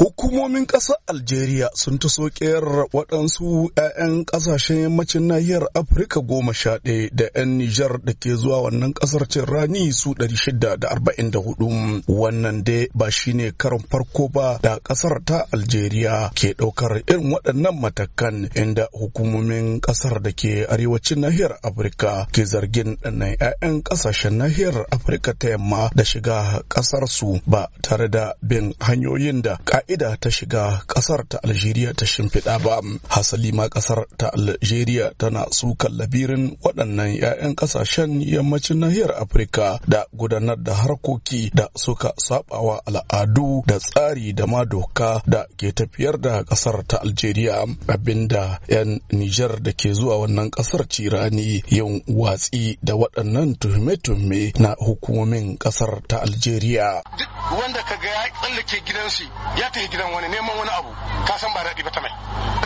Hukumomin ƙasar Algeria sun ta soƙiyar waɗansu 'ya'yan ƙasashen yammacin nahiyar Afirka goma sha ɗaya da 'yan Nijar da ke zuwa wannan ƙasar cin rani su ɗari shida da Wannan dai ba shine karin farko ba da ƙasar ta Algeria ke ɗaukar irin waɗannan matakan inda hukumomin ƙasar da ke arewacin nahiyar Afirka ke zargin ɗannan 'ya'yan ƙasashen nahiyar Afirka ta yamma da shiga ƙasar su ba tare da bin hanyoyin da ka'ida ta shiga kasar ta Algeria ta shimfiɗa ba. Hasali ma kasar ta Algeria tana sukan labirin waɗannan 'ya'yan ƙasashen yammacin nahiyar Afirka da gudanar da harkoki da suka sabawa al'adu da tsari da ma doka da ke tafiyar da kasar ta Algeria abinda 'yan Nijar da ke zuwa wannan kasar cirani yin watsi da waɗannan tuhume-tuhume na hukumomin kasar ta Algeria. wanda ka ga ya tsallake gidansu ya sai gidan wani neman wani abu ka san ba daɗi ba ta mai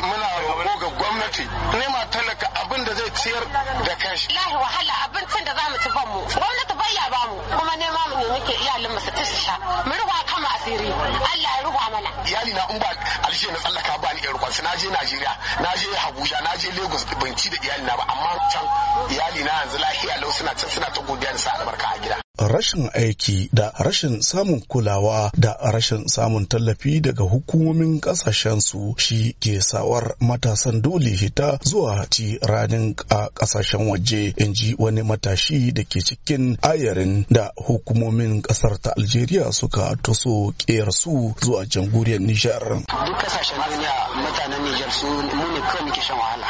muna roƙo ga gwamnati nema talaka abin da zai ciyar da kashi lahi wahala abincin da za mu ci ban mu gwamnati bayya ba mu kuma nema mu ne muke iyalin mu su ci su sha mu ruwa kama asiri Allah ya ruwa mana iyali na in ba alshe na tsallaka ba ni ruwa su na je Najeriya na je Abuja na je Lagos ban ci da iyali na ba amma can iyali na yanzu lahiya lau suna can suna ta godiya da sa albarka a gida rashin aiki da rashin samun kulawa da rashin samun tallafi daga hukumomin kasashensu shi ke sawar matasan dole hita zuwa ci ranin a kasashen waje in ji wani matashi da ke cikin ayarin da hukumomin kasar ta algeria suka toso kera su zuwa jamhuriyar nijar duk kasashen duniya mutanen nijar su mu ne kawai muke shan wahala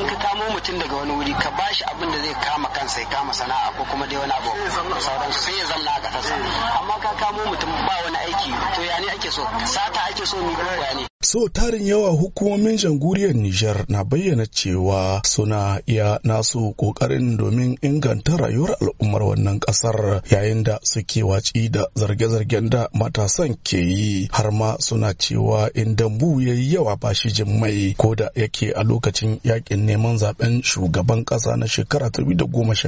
in ka kamo mutum daga wani wuri ka bashi abin da zai kama kansa ya kama sana'a ko kuma dai wani abu kansa amma ka kamo mutum ba wani aiki to ya ne ake so sata ake so ni ko ya ne so tarin yawa hukumomin janguriyar Nijar na bayyana cewa suna iya nasu kokarin domin inganta rayuwar al'ummar wannan kasar yayin da suke watsi da zarge-zargen da matasan ke yi har ma suna cewa in dambu ya yi yawa ba shi jin mai ko da yake a lokacin yakin neman zaben shugaban kasa na shekara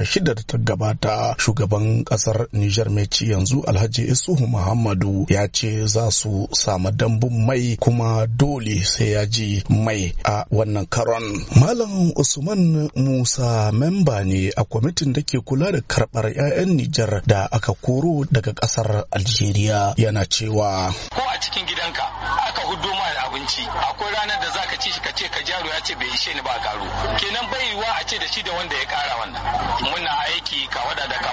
shida da ta gabata shugaban kasar Nijar mai ci yanzu Alhaji Isuhu Muhammadu ya ce za su samu dambun mai kuma dole sai ya ji mai a wannan karon. Malam Usman Musa memba ne a kwamitin da ke kula da karɓar 'ya'yan Nijar da aka koro daga kasar Algeria yana cewa. Ko a cikin gidanka aka hudu ma da abinci akwai ranar da zaka ci shi ka ce ka jaro ya ce bai ishe ni ba karo kenan bai wa a ce da shi da wanda ya kara wannan muna aiki ka wada da ka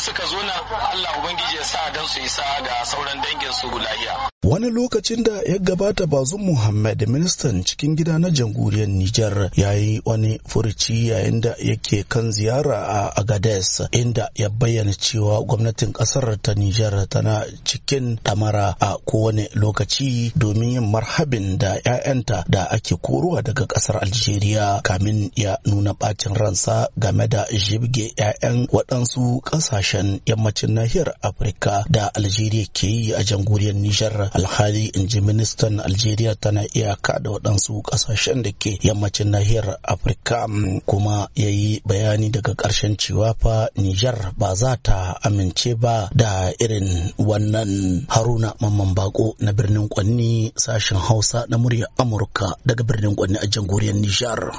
suka zo na Allah Ubangiji ya sa dan su isa ga sauran dangin su lahiya. Wani lokacin da ya gabata Bazum Muhammad ministan cikin gida na jamhuriyar Nijar ya yi wani furuci yayin da yake kan ziyara a Agades inda ya bayyana cewa gwamnatin kasar ta Nijar tana cikin damara a kowane lokaci domin yin marhabin da 'ya'yanta da ake korowa daga kasar Algeria kamin ya nuna bacin ransa game da jibge 'ya'yan waɗansu ƙasashe kasashen yammacin nahiyar afirka da algeria ke yi a jamhuriyar nijar alhali in ji ministan algeria tana iyaka da waɗansu ƙasashen da ke yammacin nahiyar afirka kuma ya yi bayani daga ƙarshen cewa fa nijar ba za ta amince ba da irin wannan haruna mamman bako na birnin kwanni sashen hausa na murya amurka daga birnin kwanni a jamhuriyar nijar